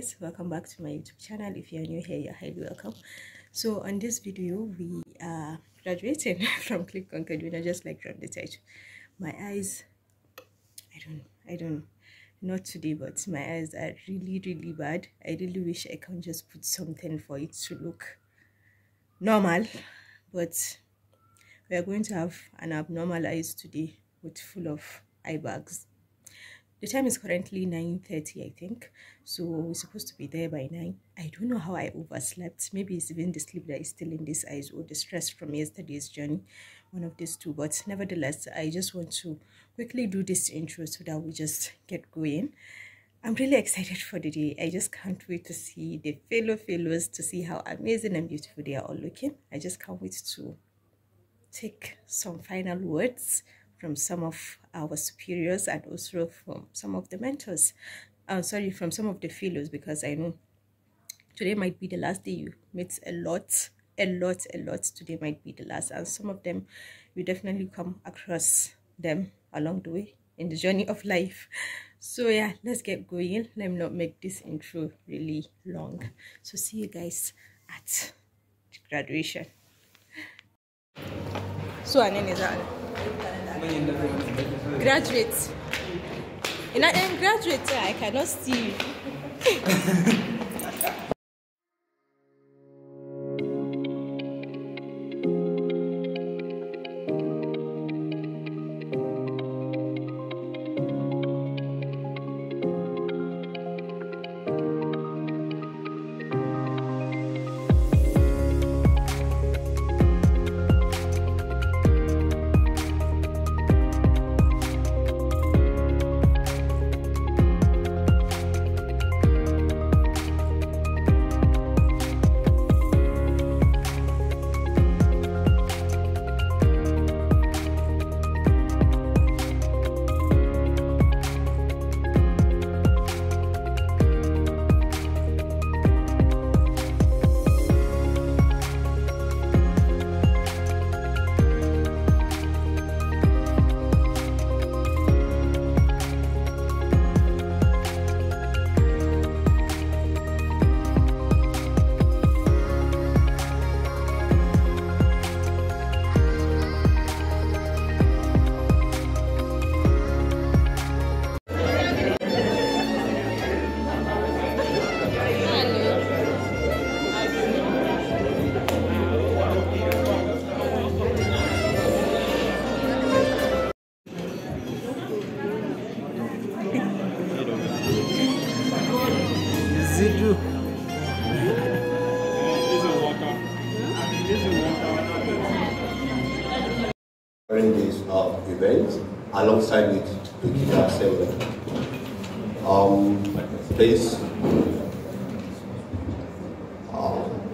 guys welcome back to my youtube channel if you're new here you're highly welcome so on this video we are graduating from click on kaduna just like from the title my eyes i don't i don't not today but my eyes are really really bad i really wish i can just put something for it to look normal but we are going to have an abnormal eyes today with full of eye bags the time is currently 9.30 i think so we're supposed to be there by 9 i don't know how i overslept maybe it's even the sleep that is still in these eyes or the stress from yesterday's journey one of these two but nevertheless i just want to quickly do this intro so that we just get going i'm really excited for the day i just can't wait to see the fellow fellows to see how amazing and beautiful they are all looking i just can't wait to take some final words from some of our superiors and also from some of the mentors. Uh, sorry, from some of the fellows because I know today might be the last day you meet a lot, a lot, a lot. Today might be the last, and some of them you definitely come across them along the way in the journey of life. So yeah, let's get going. Let me not make this intro really long. So see you guys at graduation. So, and is Graduate. In, I am graduate, I cannot see you.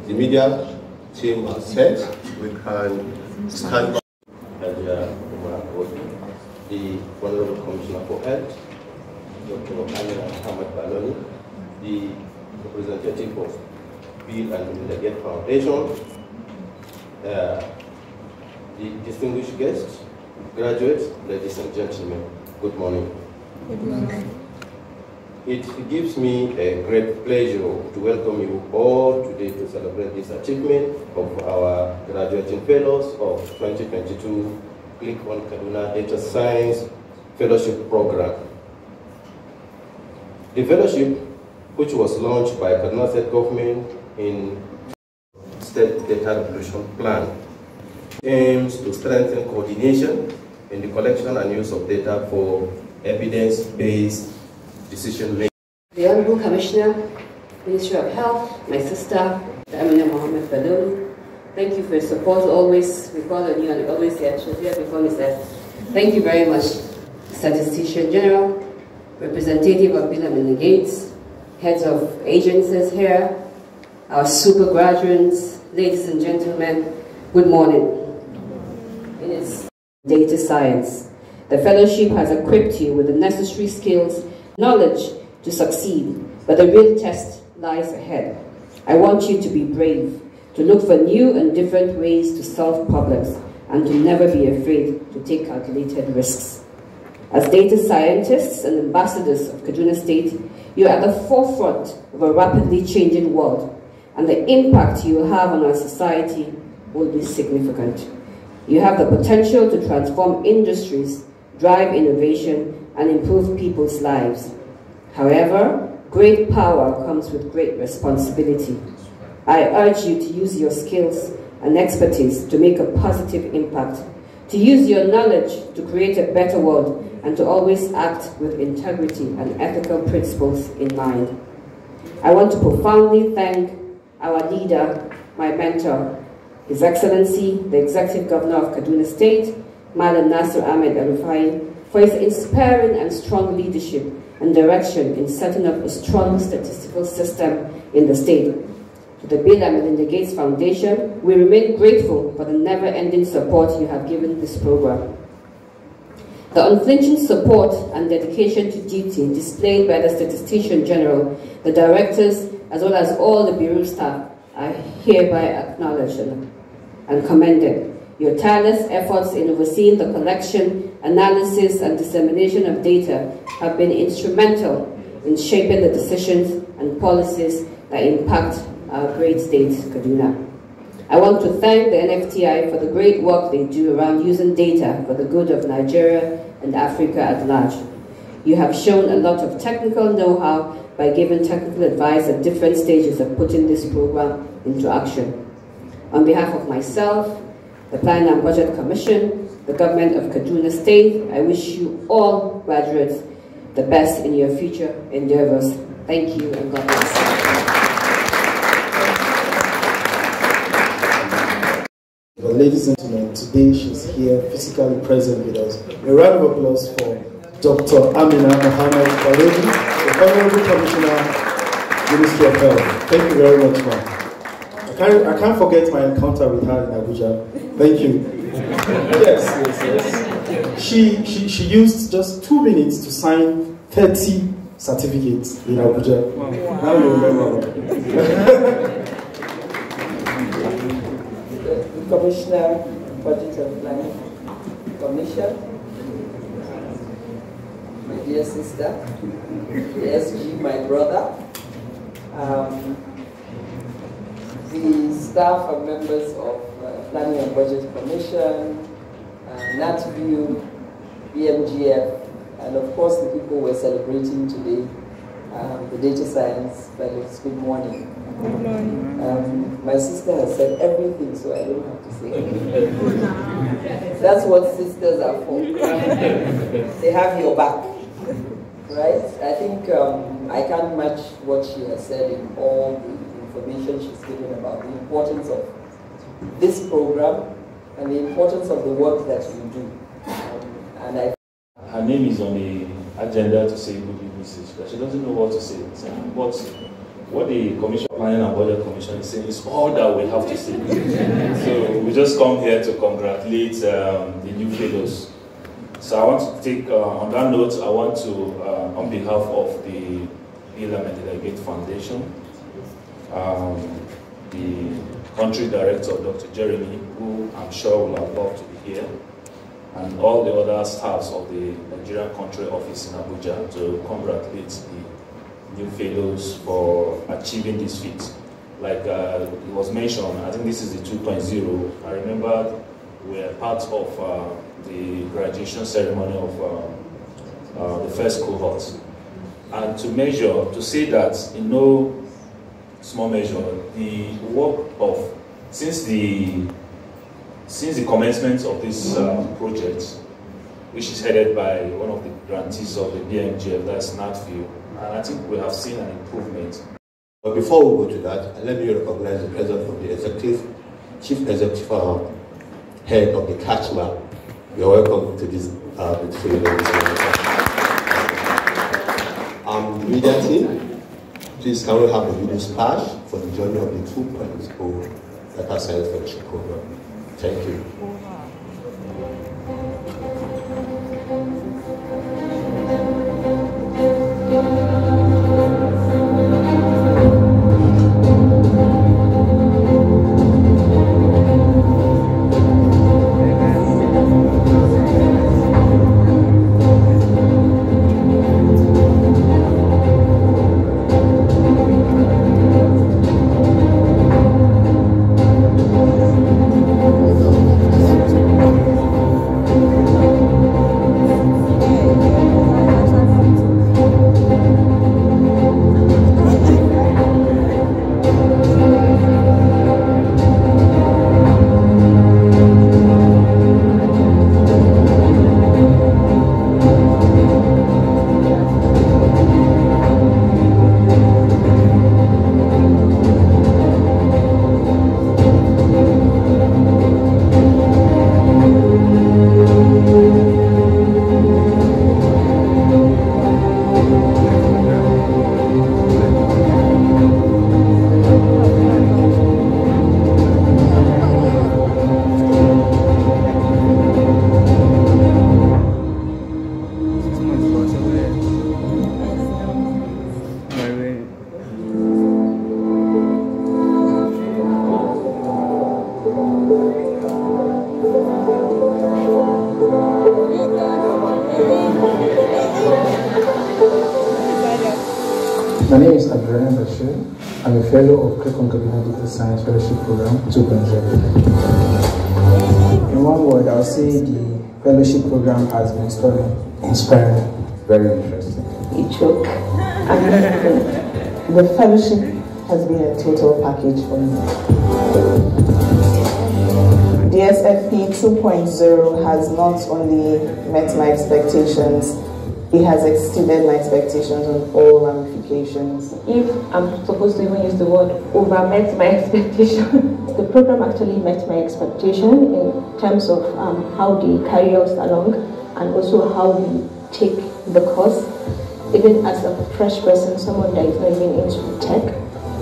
The media team has said we can stand by earlier uh, the Honorable Commissioner for Health, Dr. Amina Ahmad Baloni, the representative of Bill and Melinda Gates Foundation, uh, the distinguished guests, graduates, ladies and gentlemen, good morning. Good morning. It gives me a great pleasure to welcome you all today to celebrate this achievement of our graduating fellows of 2022 Click on Kaduna Data Science Fellowship Program. The fellowship, which was launched by Kaduna State Government in State Data Revolution Plan, aims to strengthen coordination in the collection and use of data for evidence-based decision making. The Honorable Commissioner, Ministry of Health, my sister, Amina Mohammed Balogun. Thank you for your support always. We call on you and always here. She's here before me, Thank you very much, Statistician General, Representative of Bill and Gates, heads of agencies here, our super graduates, ladies and gentlemen, good morning. It is data science. The fellowship has equipped you with the necessary skills knowledge to succeed, but the real test lies ahead. I want you to be brave, to look for new and different ways to solve problems, and to never be afraid to take calculated risks. As data scientists and ambassadors of Kaduna State, you are at the forefront of a rapidly changing world, and the impact you will have on our society will be significant. You have the potential to transform industries drive innovation, and improve people's lives. However, great power comes with great responsibility. I urge you to use your skills and expertise to make a positive impact, to use your knowledge to create a better world, and to always act with integrity and ethical principles in mind. I want to profoundly thank our leader, my mentor, His Excellency, the Executive Governor of Kaduna State, Madam Nasser Ahmed Al-Rufai, for his inspiring and strong leadership and direction in setting up a strong statistical system in the state. To the Bill and Melinda Gates Foundation, we remain grateful for the never-ending support you have given this program. The unflinching support and dedication to duty displayed by the Statistician General, the directors, as well as all the Bureau staff are hereby acknowledged and commended. Your tireless efforts in overseeing the collection, analysis, and dissemination of data have been instrumental in shaping the decisions and policies that impact our great state, Kaduna. I want to thank the NFTI for the great work they do around using data for the good of Nigeria and Africa at large. You have shown a lot of technical know-how by giving technical advice at different stages of putting this program into action. On behalf of myself, the Planning and Budget Commission, the government of Kaduna State. I wish you all graduates the best in your future endeavors. Thank you and God bless. Well, ladies and gentlemen, today she's here physically present with us. A round of applause for Dr. Amina Mohamed Khaledi, the Honorable Commissioner, Ministry of Health. Thank you very much, ma'am. I can't, I can't forget my encounter with her in Abuja. Thank you. yes, yes, yes. She, she, she used just two minutes to sign 30 certificates in Abuja. Wow. Now you remember. Commissioner, Budget and Planning Commission my dear sister, SG, my brother, um, the staff and members of Planning and Budget Commission, uh, NatView, BMGF, and of course the people we're celebrating today, um, the data science fellows. Good morning. Good morning. Um, my sister has said everything, so I don't have to say anything. That's what sisters are for. they have your back, right? I think um, I can't match what she has said in all the information she's given about the importance of this program and the importance of the work that you do. Um, and I her name is on the agenda to say good message, but she doesn't know what to say. But what the Commission, Planning and Budget Commission is saying is all that we have to say. so we just come here to congratulate um, the new fellows. So I want to take, uh, on that note, I want to, uh, on behalf of the Elam and Delegate Foundation, um, the country director, Dr. Jeremy, who I'm sure will have loved to be here, and all the other staffs of the Nigerian Country Office in Abuja to congratulate the new fellows for achieving this feat. Like uh, it was mentioned, I think this is the 2.0. I remember we are part of uh, the graduation ceremony of um, uh, the first cohort. And to measure, to say that, in no small measure, the work of, since the, since the commencement of this uh, project, which is headed by one of the grantees of the BMGF, that's NATFIO, and I think we have seen an improvement. But before we go to that, let me recognize the presence of the executive, chief executive uh, head of the CACHLA. You're welcome to this uh, beautiful event. Um, media team, Please, can we have a video splash for the journey of the 2.0 that I said for Chicago? Thank you. Doctor Science Fellowship Program, 2.0. In one word, I'll say the fellowship program has been stunning, inspiring, very interesting. You joke. the fellowship has been a total package for me. The SFP 2.0 has not only met my expectations, it has exceeded my expectations on all if I'm supposed to even use the word over met my expectation, the program actually met my expectation in terms of um, how they carry us along and also how we take the course. Even as a fresh person, someone that is not even into tech,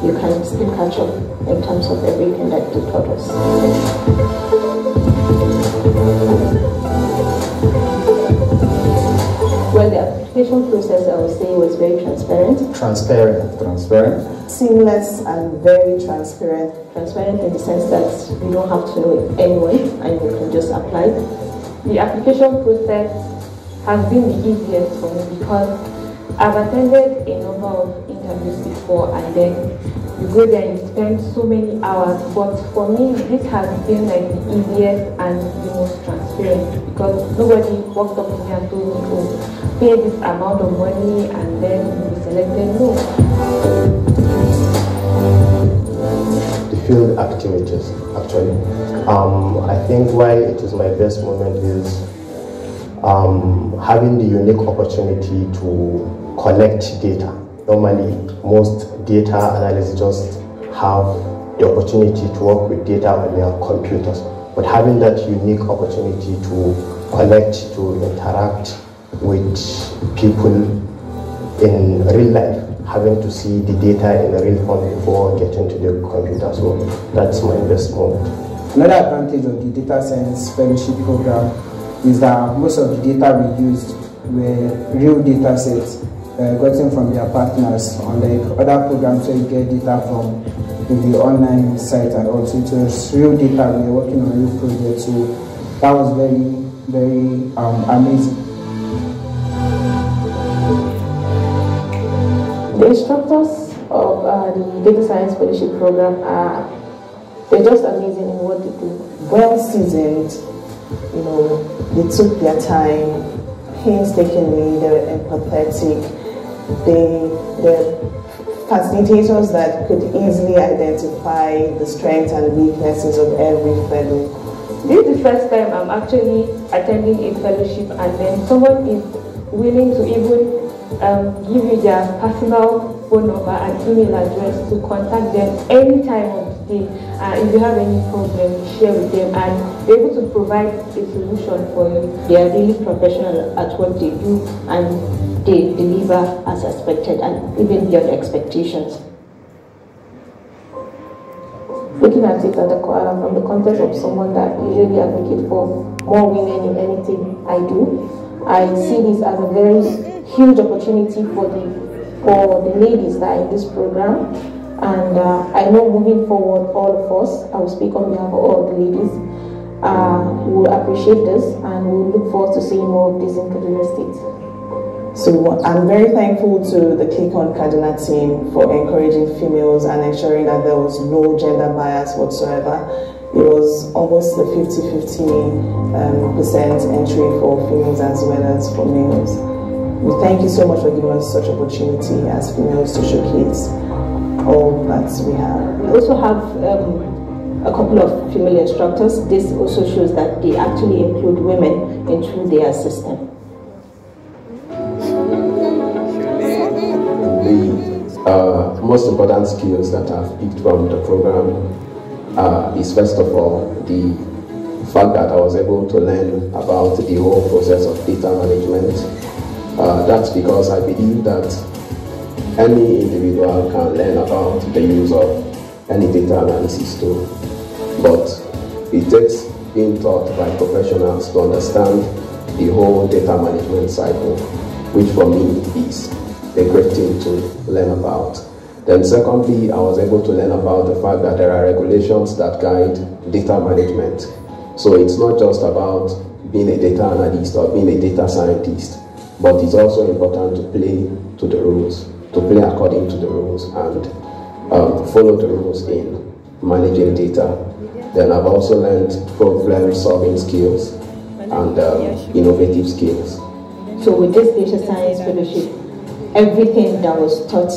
you can still catch up in terms of everything that they taught us. Application process, I would say, was very transparent. Transparent. Transparent. Seamless and very transparent. Transparent in the sense that you don't have to know it anyway and you can just apply. The application process has been the easiest for me because I've attended a number of interviews before and then you go there and you spend so many hours but for me this has been like the easiest and the most transparent because nobody walked up to me and told me, oh, pay this amount of money and then you'll be selected. No. Field activities, actually. Um, I think why it is my best moment is um, having the unique opportunity to collect data. Normally, most data analysts just have the opportunity to work with data on their computers but having that unique opportunity to connect, to interact with people in real life, having to see the data in real form before getting to the computer. So that's my best moment. Another advantage of the Data Science Fellowship Program is that most of the data we used were real data sets uh, gotten from their partners, unlike other programs where you get data from in the online site and also it was real deep and we were working on real projects. So that was very, very um, amazing. The instructors of uh, the Data Science Fellowship Program are they're just amazing in what they do. Well seasoned, you know, they took their time, painstakingly, they were empathetic, they, they facilitators that could easily identify the strengths and weaknesses of every fellow. This is the first time I'm actually attending a fellowship and then someone is willing to even um, give you their personal phone number and email address to contact them any time of the day. Uh, if you have any problem, share with them and be able to provide a solution for you. They are really professional at what they do and they deliver as expected and even beyond expectations. Looking at it the, uh, from the context of someone that usually advocate for more women in anything I do, I see this as a very huge opportunity for the for the ladies that are in this program. And uh, I know moving forward, all of us, I will speak on behalf of all the ladies, uh, will appreciate this and we will look forward to seeing more of this in Kaduna State. So I'm very thankful to the KCON Kaduna team for encouraging females and ensuring that there was no gender bias whatsoever. It was almost a 50-50 um, percent entry for females as well as for males. We thank you so much for giving us such opportunity as females to showcase all that we have. We also have um, a couple of female instructors. This also shows that they actually include women into their system. uh, most important skills that I've picked from the program uh, is first of all the fact that I was able to learn about the whole process of data management. Uh, that's because I believe that any individual can learn about the use of any data analysis tool, but it takes being taught by professionals to understand the whole data management cycle, which for me is the great thing to learn about. Then secondly, I was able to learn about the fact that there are regulations that guide data management. So it's not just about being a data analyst or being a data scientist, but it's also important to play to the rules, to play according to the rules and um, follow the rules in managing data. Then I've also learned problem solving skills and um, innovative skills. So with this data science fellowship, everything that was taught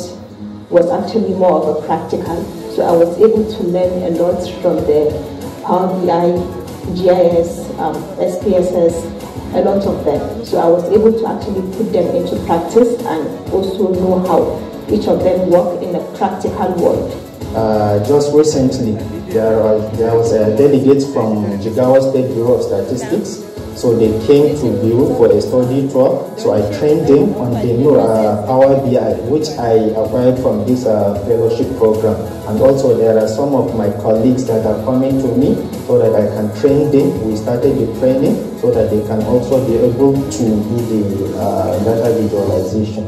was actually more of a practical. So I was able to learn a lot from the Power BI, GIS, um, SPSS, a lot of them. So I was able to actually put them into practice and also know how each of them work in a practical world. Uh, just recently, there, are, there was a delegate from Jigawa State Bureau of Statistics so they came to Biu for a study tour. So I trained them on the new uh, Power BI, which I acquired from this uh, fellowship program. And also there are some of my colleagues that are coming to me so that I can train them. We started the training so that they can also be able to do the uh, data visualization.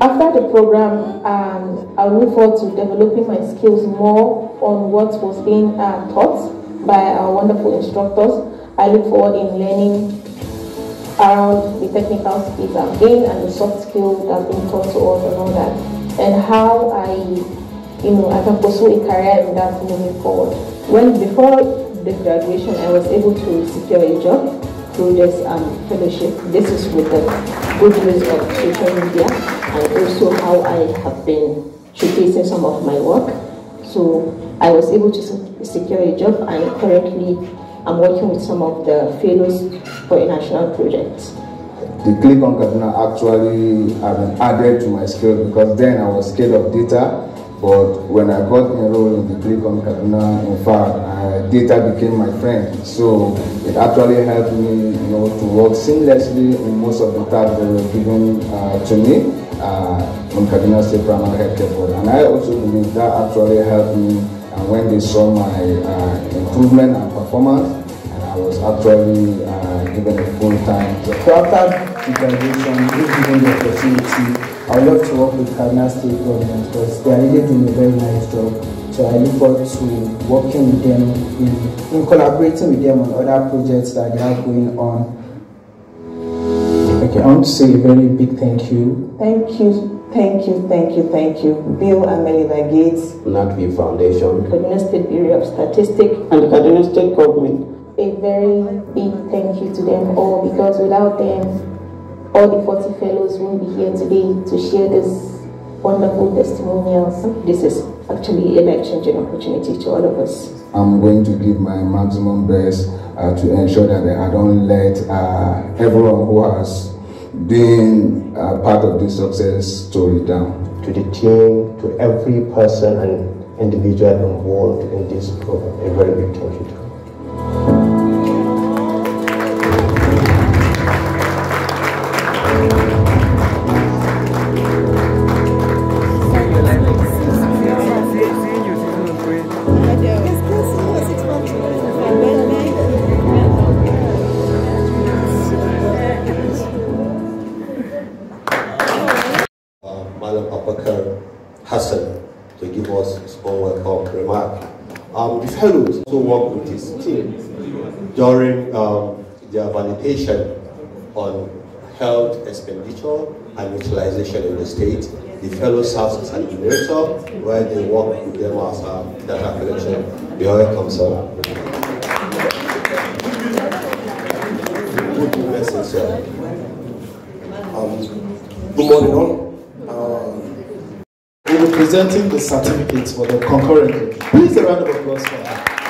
After the program, um, I'll move forward to developing my skills more on what was being uh, taught by our wonderful instructors. I look forward in learning around the technical skills I've gained and the soft skills that have been taught to us and all that, and how I, you know, I can pursue a career in that moving forward. When before the graduation, I was able to secure a job through this um, fellowship. This is with the good use of social media and also how I have been showcasing some of my work. So I was able to secure a job and currently I'm working with some of the fellows for a national project. The click on Kaduna actually have added to my skill because then I was scared of data but when I got enrolled in the click on Kaduna, in fact, uh, data became my friend. So it actually helped me you know, to work seamlessly in most of the tasks that were given uh, to me uh, Kaduna State Primary Healthcare Board. And I also believe that actually helped me. And uh, when they saw my uh, improvement and performance, and I was actually uh, given a full time. So after graduation, if given the opportunity, I would love to work with Kaduna State government because they are really doing a very nice job. So I look forward to working with them in, in collaborating with them on other projects that they are going on Thank you. I want to say a very big thank you. Thank you, thank you, thank you, thank you. Bill and Melinda Gates, NATV Foundation, the State Bureau of Statistics, and Kaduna State Government. A very big thank you to them all because without them, all the 40 fellows won't be here today to share this wonderful testimonials. This is actually a life-changing opportunity to all of us. I'm going to give my maximum best uh, to ensure that I don't let uh, everyone who has being a part of this success story down? To the team, to every person and individual involved in this program, a very big thank you with his team during um, their validation on health expenditure and utilization in the state. The fellow serves as an innovator where they work with them as a data collection. The oil comes out. Um, good morning all. Um, we'll be presenting the certificates for them concurrently. Please a round of applause for that.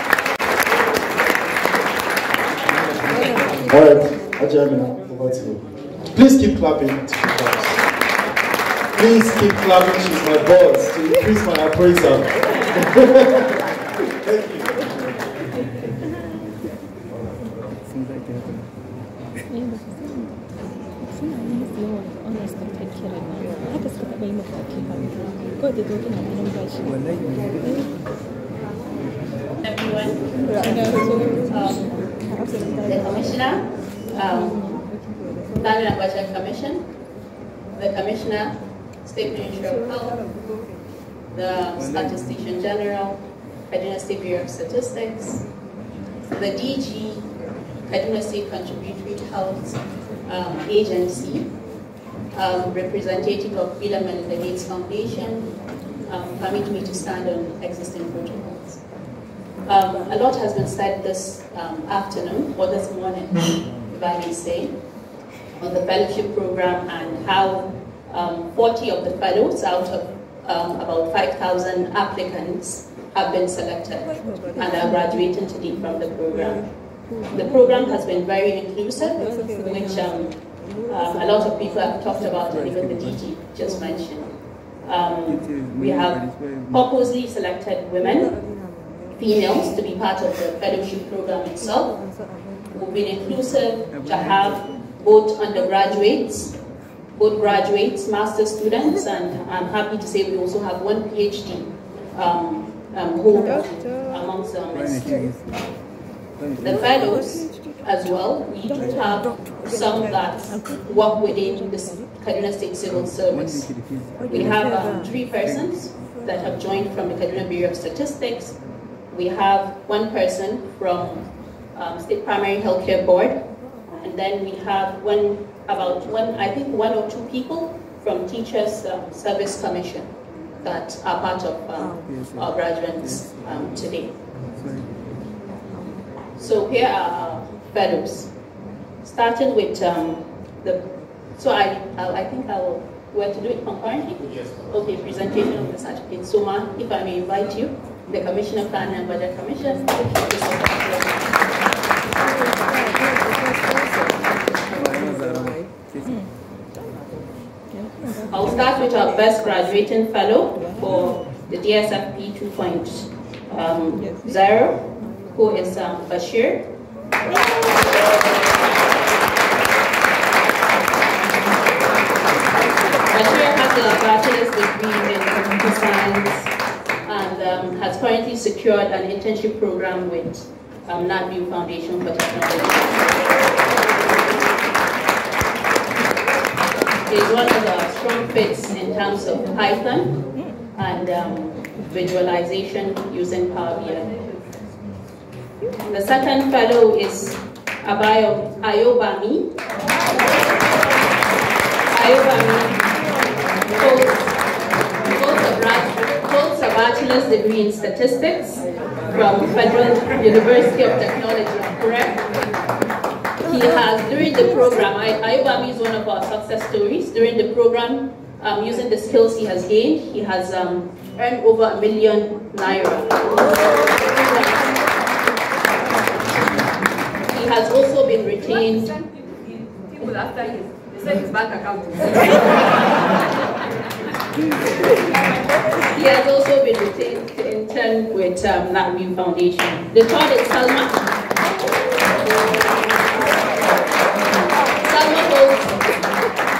All right, Ajamina, over to you. Please keep clapping. Please keep clapping. She's my boss to increase my appraisal. Thank you. Everyone, you know, um, the commissioner, um, Land and Agriculture Commission, the commissioner, State minister of Health, the Statistician General, Kaduna State Bureau of Statistics, the DG, Kaduna State Contributory Health um, Agency, um, representative of Bill and Melinda Gates Foundation, um, permit me to stand on existing projects. Um, a lot has been said this um, afternoon, or this morning, mm-hmm. if I may say, on the fellowship program and how um, 40 of the fellows out of um, about 5,000 applicants have been selected and are graduating today from the program. The program has been very inclusive, which um, um, a lot of people have talked about, and even the DG just mentioned. we have purposely selected women females to be part of the fellowship program itself. We've been inclusive to have both undergraduates, both graduates, master students, and I'm happy to say we also have one PhD um, um, holder amongst our students. The fellows as well, we do have some that work within the Kaduna State Civil Service. We have um, three persons that have joined from the Kaduna Bureau of Statistics, we have one person from um, State Primary Healthcare Board, and then we have one about one, I think one or two people from Teachers um, Service Commission that are part of um, our graduates um, today. So here are fellows. Starting with um, the, so I, I, I think I will, we have to do it concurrently? Yes. Okay, presentation of the certificate. Ma, if I may invite you the Commissioner Planning and Budget Commission. I'll start with our best graduating fellow for the DSFP 2.0, um, who is um, Bashir. Bashir has a bachelor's degree in computer science currently secured an internship program with um, NatView Foundation for Technology. It's one of our strong fits in terms of Python and um, visualization using Power BI. The second fellow is Abayo Ayobami. Ayobami bachelor's degree in statistics from Federal University of Technology, correct? He has, during the program, IOBAMI is one of our success stories. During the program, um, using the skills he has gained, he has um, earned over a million naira. He has also been retained. People after his bank account. He has also been retained to intern with um, Natmew Foundation. The third is Salma. Salma holds,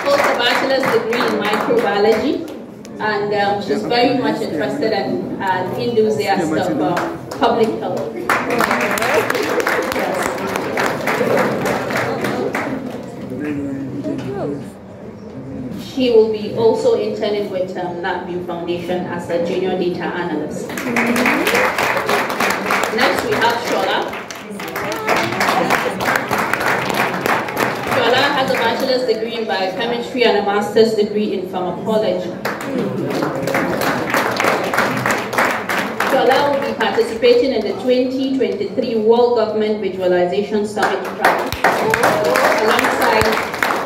holds a bachelor's degree in microbiology and um, she's very much interested and uh, enthusiastic of uh, public health. Yes. She will be also interning with um, LabVIEW Foundation as a junior data analyst. Next we have Shola. Shola has a bachelor's degree in biochemistry and a master's degree in pharmacology. Shola will be participating in the 2023 World Government Visualization Summit trial alongside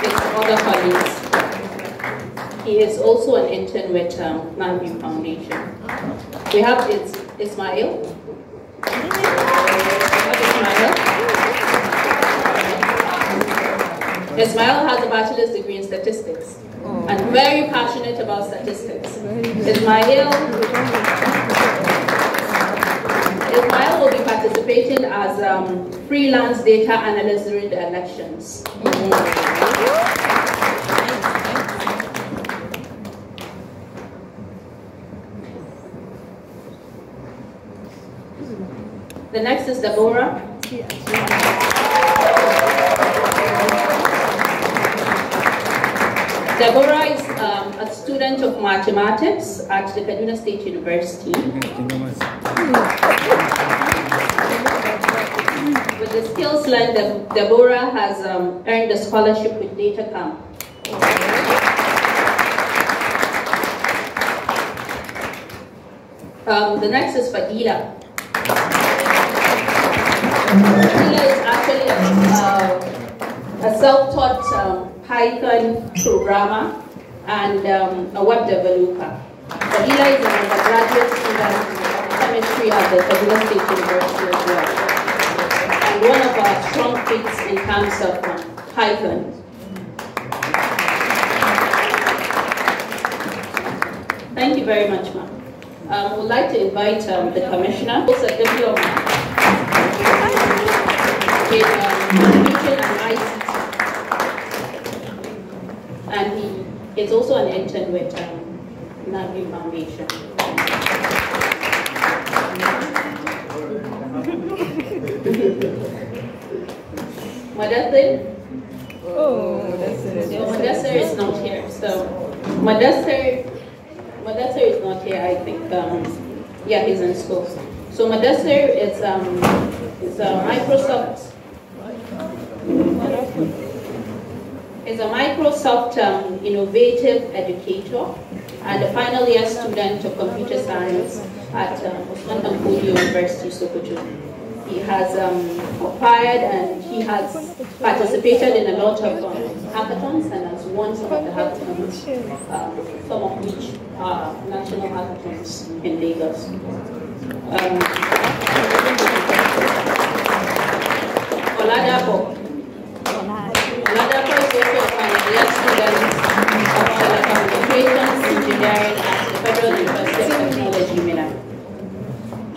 its other colleagues. He is also an intern with um, Manview Foundation. We have it's Ismail. Ismail. has a bachelor's degree in statistics oh. and very passionate about statistics. Ismail, Ismail will be participating as um, freelance data analyst during the elections. Mm -hmm. The next is Deborah. Deborah is um, a student of mathematics at the Kaduna State University. With the skills learned, De Deborah has um, earned a scholarship with DataCamp. Um, the next is Fadila. Sheila is actually a, uh, a self-taught um, Python programmer and um, a web developer. Sheila is an undergraduate student of chemistry at the Kaduna State University as well. And one of our strong points in terms of um, Python Thank you very much, ma'am. Um, I would like to invite um, the commissioner, um, and he is also an intern with um, Navi Foundation. Madassir? Oh, Madassir is not here. So Madassir, Madassir is not here, I think. Um, yeah, he's in school. So Madassir is, um, is a Microsoft is a Microsoft um, innovative educator and a final year student of computer science at um, University, Sokoto. He has um, acquired and he has participated in a lot of um, hackathons and has won some of the hackathons, um, some of which are national hackathons in Lagos. Um, Oladapo. Oladapo is also a financial student of telecommunications engineering at the Federal University of Technology, Minna.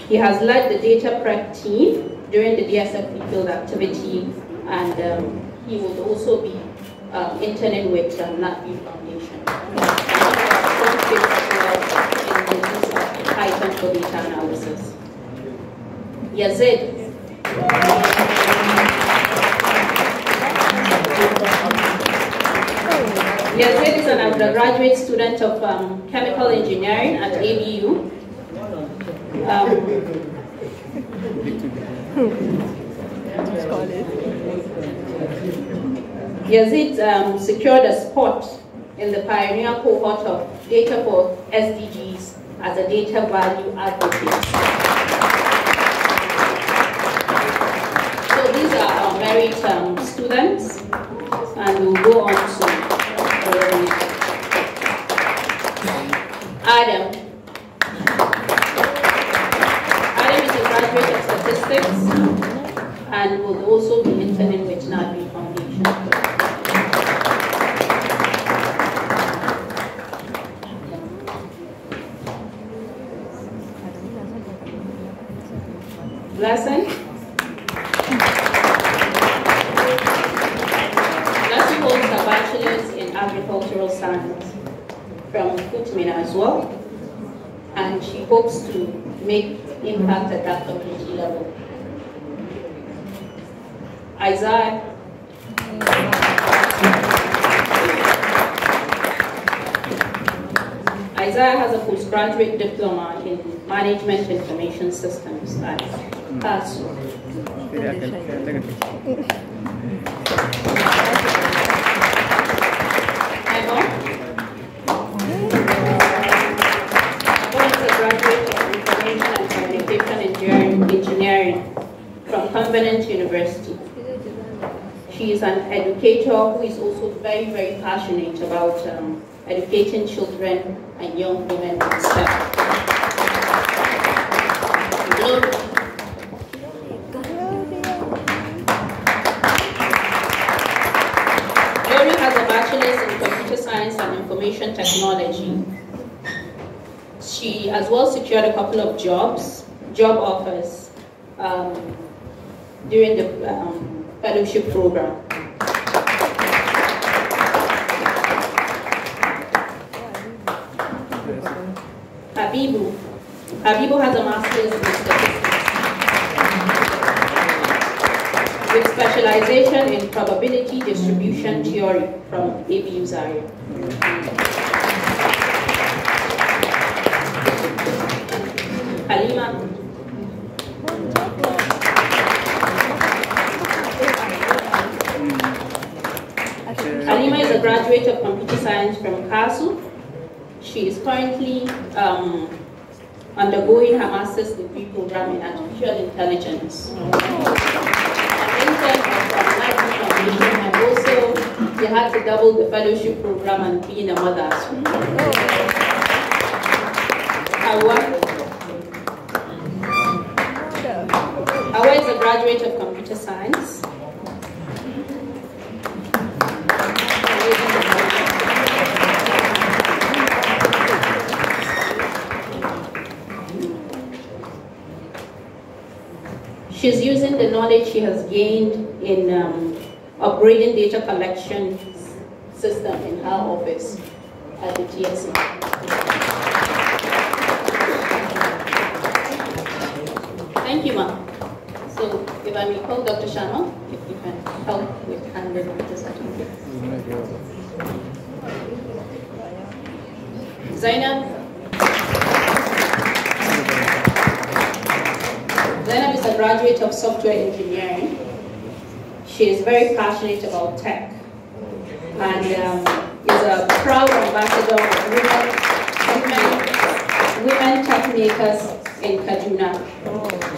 He has led the data prep team during the DSFP field activity, and um, he will also be um, interning with the um, NAPI Foundation. Python for data analysis. Yazid. Desiree is an undergraduate student of um, chemical engineering at ABU. Um, Yazid um, secured a spot in the pioneer cohort of Data for SDGs as a data value advocate. So these are our merit um, students, and we'll go on to Adam. Adam is a graduate of statistics and will also be interning with NABI Foundation. diploma in management information systems at CASU. educator who is also very, very passionate about um, educating children and young women and staff. has a bachelor's in computer science and information technology. She as well secured a couple of jobs, job offers, um, during the um, fellowship program. Habibu. Habibu has a master's in statistics with specialization in probability distribution theory from ABU Zaire. Halima. Halima is a graduate of computer science from CASU she is currently um, undergoing her master's degree program in artificial intelligence. Oh. Uh, and also, she had to double the fellowship program and being a mother. well. Awa is a graduate of computer science. knowledge she has gained in um, upgrading data collection system in her office at the TSC. Thank you, ma'am. So if I may call Dr. Sharma, if you can help with handling this item. Zainab, graduate of software engineering. She is very passionate about tech and um, is a proud ambassador of women, women, women tech makers in Kaduna.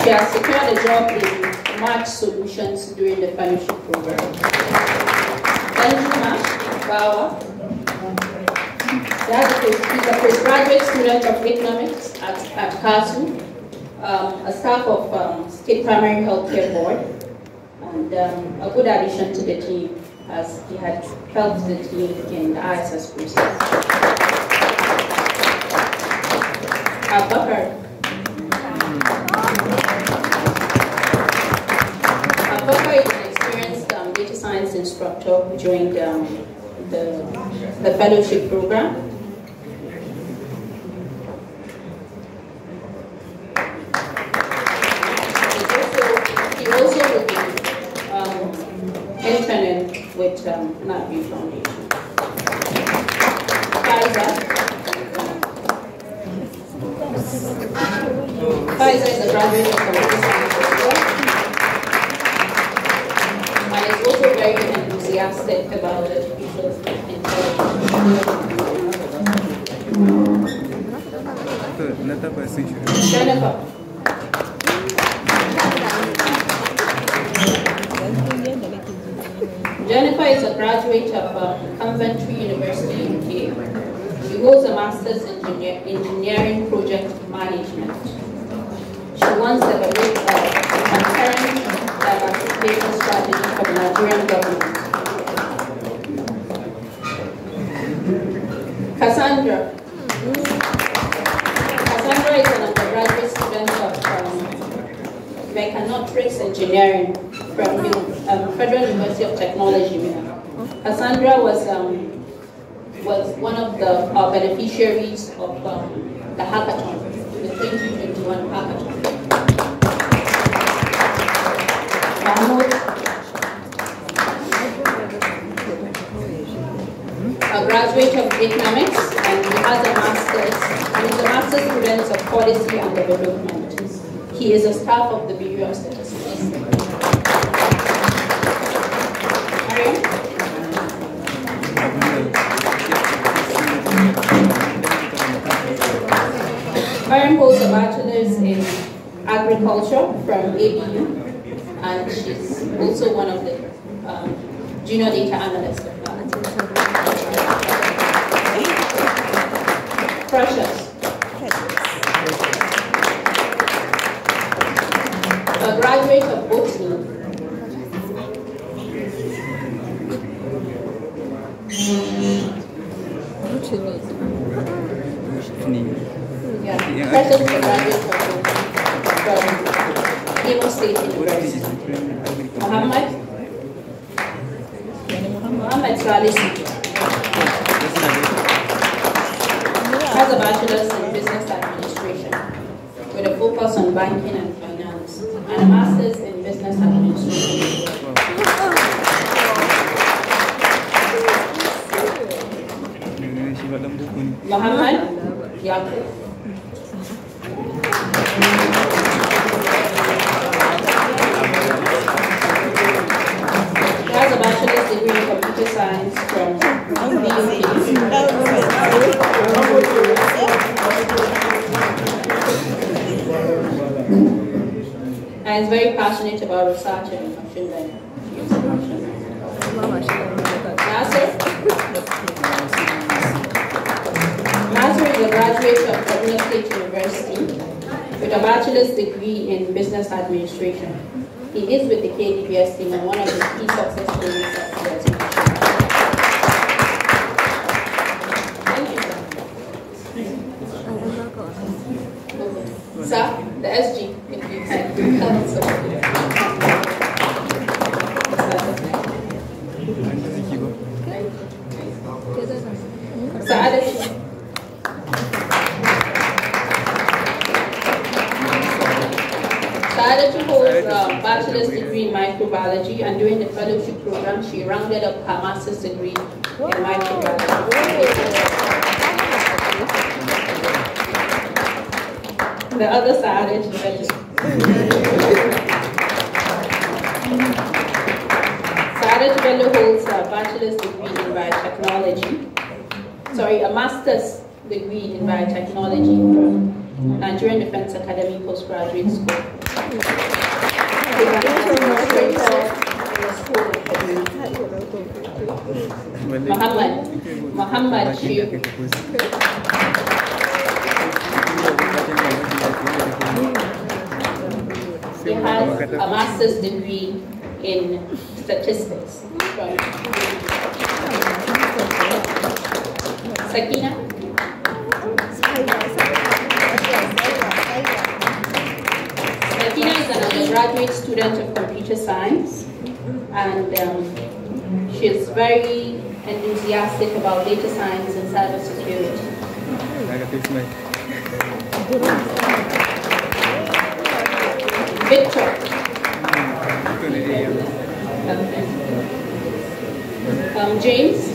She has secured a job in March Solutions during the fellowship program. Benjuma Bawa that is, is a postgraduate student of economics at, at um, a staff of um, State Primary Healthcare Board, and um, a good addition to the team as he had helped the team in the ISS process. Abubakar. Abubakar is an experienced um, data science instructor who joined um, the, the fellowship program Not Navi Foundation. FISA. FISA is a graduate of computer and is also very enthusiastic about it because Jennifer. Anotrix Engineering from um, Federal University of Technology. Cassandra was um, was one of the uh, beneficiaries of um, the hackathon, the 2021 hackathon. a graduate of economics and he has a master's and is a master's student of policy and development. He is a staff of the Bureau of Statistics. Mariam holds a bachelor's in agriculture from ABU, and she's also one of the um, junior data analysts. Muhammad Yaqub. He has a bachelor's degree in computer science from the BUP. And is very passionate about research a graduate of Kaduna State University with a bachelor's degree in business administration. He is with the KDPS team and one of the key success stories He has a master's degree in statistics. From Sakina? Sakina is an undergraduate student of computer science and um, she is very enthusiastic about data science and cybersecurity. Victor. Um, James.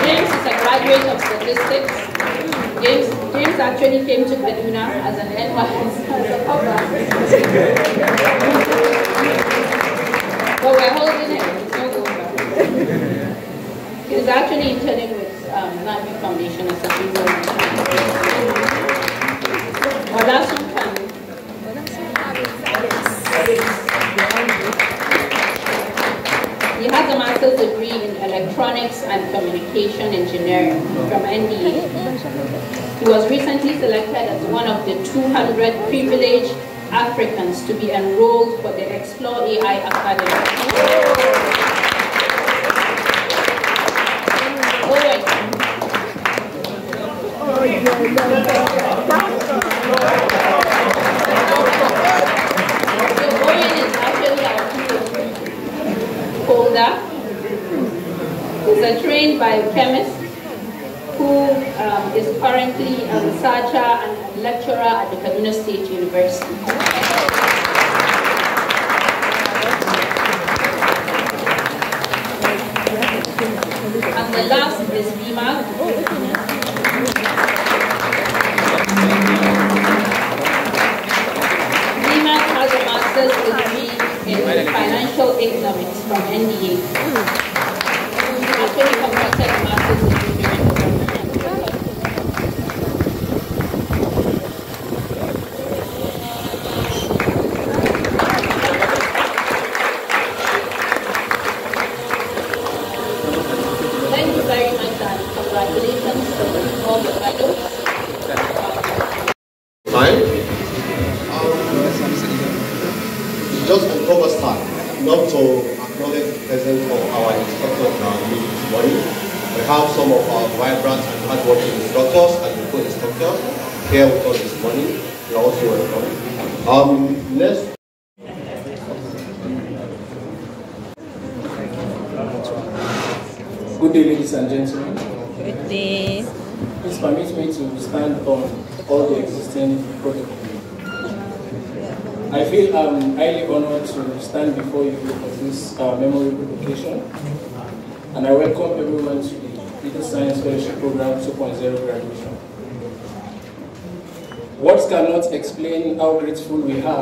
James is a graduate of statistics. James, James actually came to Kaduna as an NYS as a actually interning with um, Foundation as a female. He has a master's degree in electronics and communication engineering from NDA. He was recently selected as one of the 200 privileged Africans to be enrolled for the Explore AI Academy. Miller, who's a trained biochemist who um, is currently a researcher and lecturer at the Kaduna State University. And the last is Bima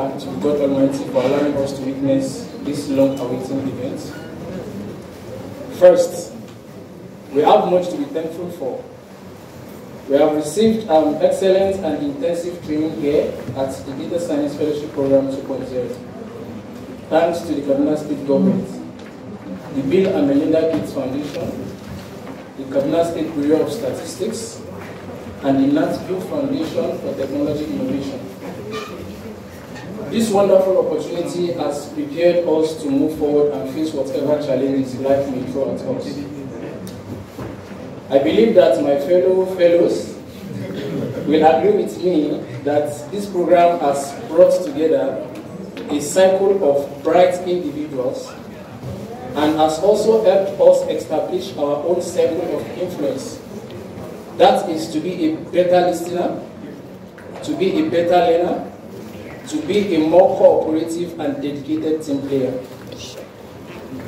to God Almighty for allowing us to witness this long-awaited event. First, we have much to be thankful for. We have received um, excellent and intensive training here at the Data Science Fellowship Program 2.0, thanks to the Kaduna State Government, the Bill and Melinda Gates Foundation, the Kaduna State Bureau of Statistics, and the Nat Foundation for Technology Innovation. This wonderful opportunity has prepared us to move forward and face whatever challenges life may throw at us. I believe that my fellow fellows will agree with me that this program has brought together a cycle of bright individuals and has also helped us establish our own circle of influence. That is to be a better listener, to be a better learner, to be a more cooperative and dedicated team player.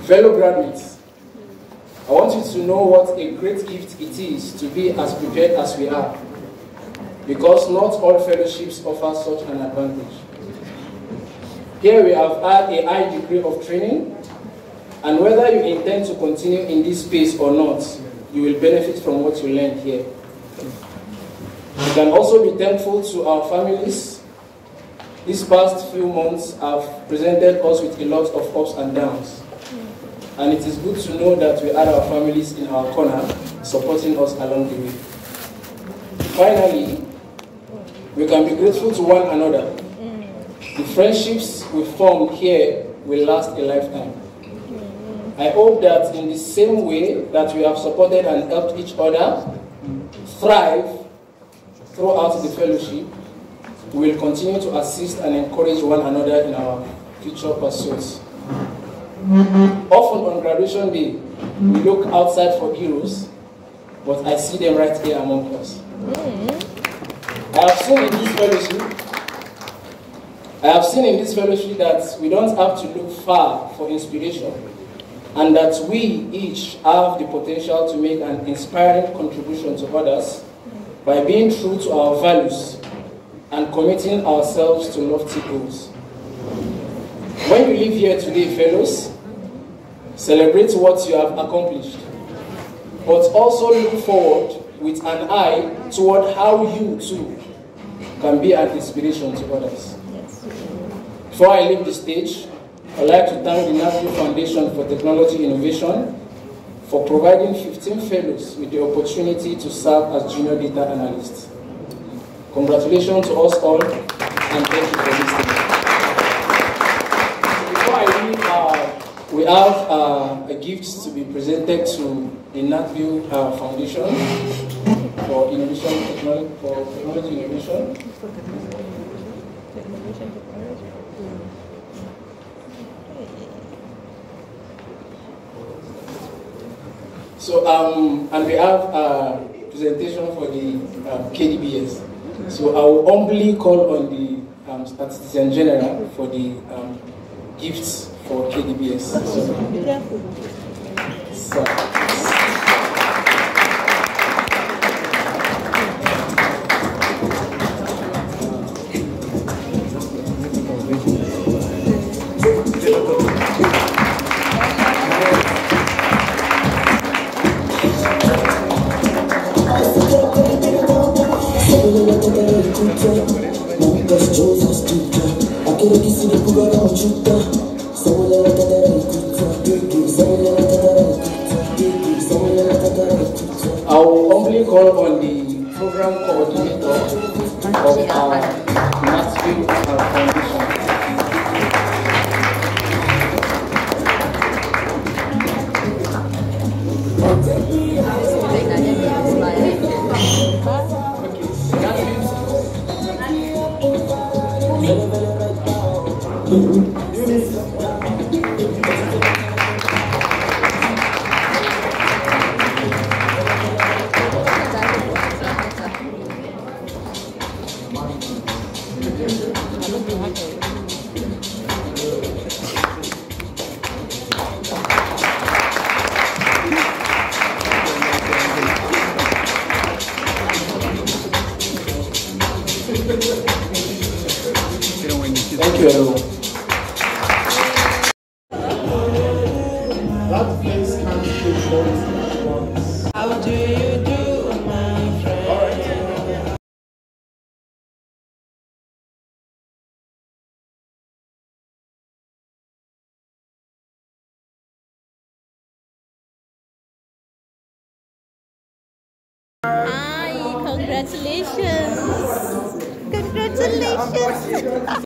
Fellow graduates, I want you to know what a great gift it is to be as prepared as we are, because not all fellowships offer such an advantage. Here we have had a high degree of training, and whether you intend to continue in this space or not, you will benefit from what you learned here. You can also be thankful to our families these past few months have presented us with a lot of ups and downs. And it is good to know that we had our families in our corner, supporting us along the way. Finally, we can be grateful to one another. The friendships we formed here will last a lifetime. I hope that in the same way that we have supported and helped each other thrive throughout the fellowship, we will continue to assist and encourage one another in our future pursuits. Often on graduation day, we look outside for heroes, but I see them right here among us. I have seen in this fellowship I have seen in this fellowship that we don't have to look far for inspiration, and that we each have the potential to make an inspiring contribution to others by being true to our values and committing ourselves to lofty goals. When you leave here today, fellows, celebrate what you have accomplished, but also look forward with an eye toward how you too can be an inspiration to others. Before I leave the stage, I'd like to thank the National Foundation for Technology Innovation for providing 15 fellows with the opportunity to serve as junior data analysts. Congratulations to us all, and thank you for listening. So before I leave, uh, we have uh, a gift to be presented to the Natview uh, Foundation for Innovation Technology, for Technology Innovation. So, um, and we have a uh, presentation for the uh, KDBS. So I will humbly call on the um, Statistician General for the um, gifts for KDBS. So, so. Congratulations! Congratulations!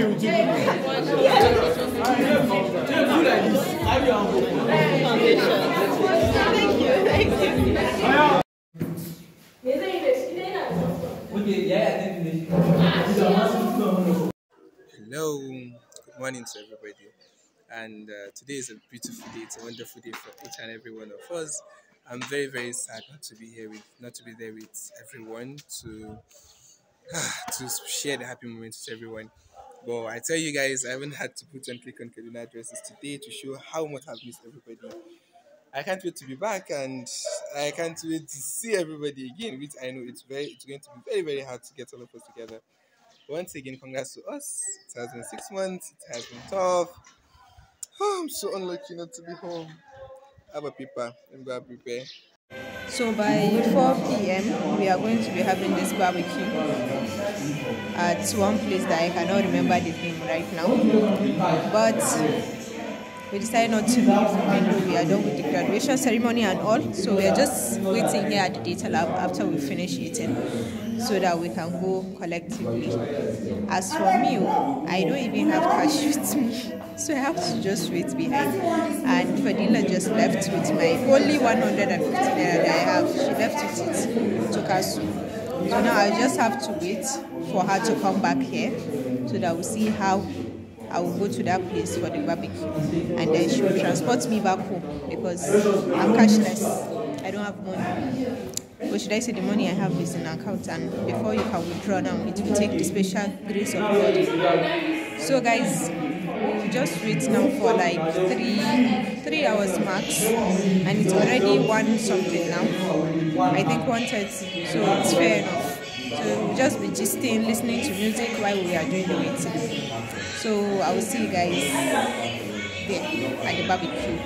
happy you. Hello, good morning to everybody. And uh, today is a beautiful day, it's a wonderful day for each and every one of us. I'm very, very sad not to be here with, not to be there with everyone to to share the happy moments with everyone. But I tell you guys, I haven't had to put on click on Kaduna addresses today to show how much I've missed everybody. I can't wait to be back and I can't wait to see everybody again, which I know it's very it's going to be very, very hard to get all of us together. Once again, congrats to us. It has been six months, it has been tough. Oh, I'm so unlucky not to be home. Have a paper and a prepare. So by 4 p.m. we are going to be having this barbecue at one place that I cannot remember the name right now. But we decided not to leave even we are done with the graduation ceremony and all. So we are just waiting here at the data lab after we finish eating so that we can go collectively. As for me, oh, I don't even have cash with me. So I have to just wait behind. And Fadila just left with my only 150 naira that I have. She left with it to Kasu. So now I just have to wait for her to come back here so that we'll see how I will go to that place for the barbecue. And then she will transport me back home because I'm cashless. I don't have money. But should I say the money I have is in account and before you can withdraw now, it will take the special grace of God. So guys, can just wait now for like three three hours max and it's already one something now i think one thirty so it's fair enough so we'll just be gisting listening to music while we are doing the waiting so i will see you guys there at the barbecue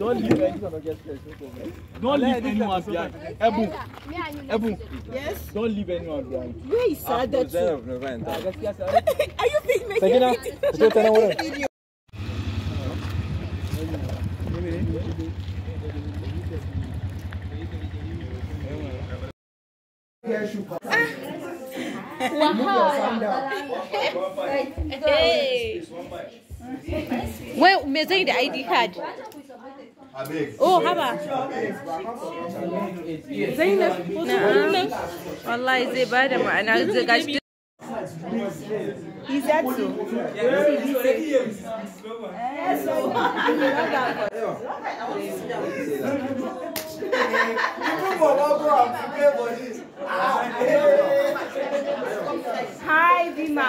Don't leave anyone or get stressed. Don't leave anyone behind. Ebu. Ebu. Yes. Don't leave anyone behind. Where is Sadat? of Are you being making Sakina, don't tell anyone. video? Wow. Hey. Well, measuring the ID card. Oh, haba. is Zainab. Wallahi zai ba da ma'ana zai gashi. He's at you. Hi, Bima.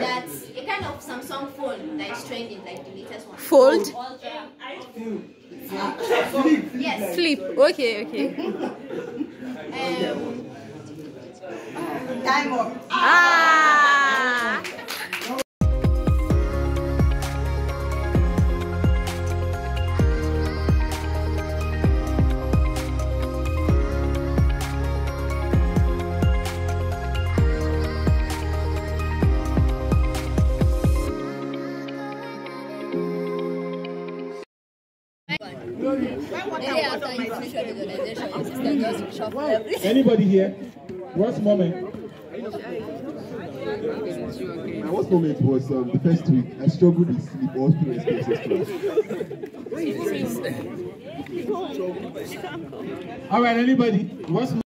That's a kind of Samsung phone that is trending, like the latest one. Fold? Yes. Flip. Okay, okay. um, Time Ah! Hi. Anybody here? What moment? My worst moment was um, the first week. I struggled with sleep all through expenses. all right, anybody? What's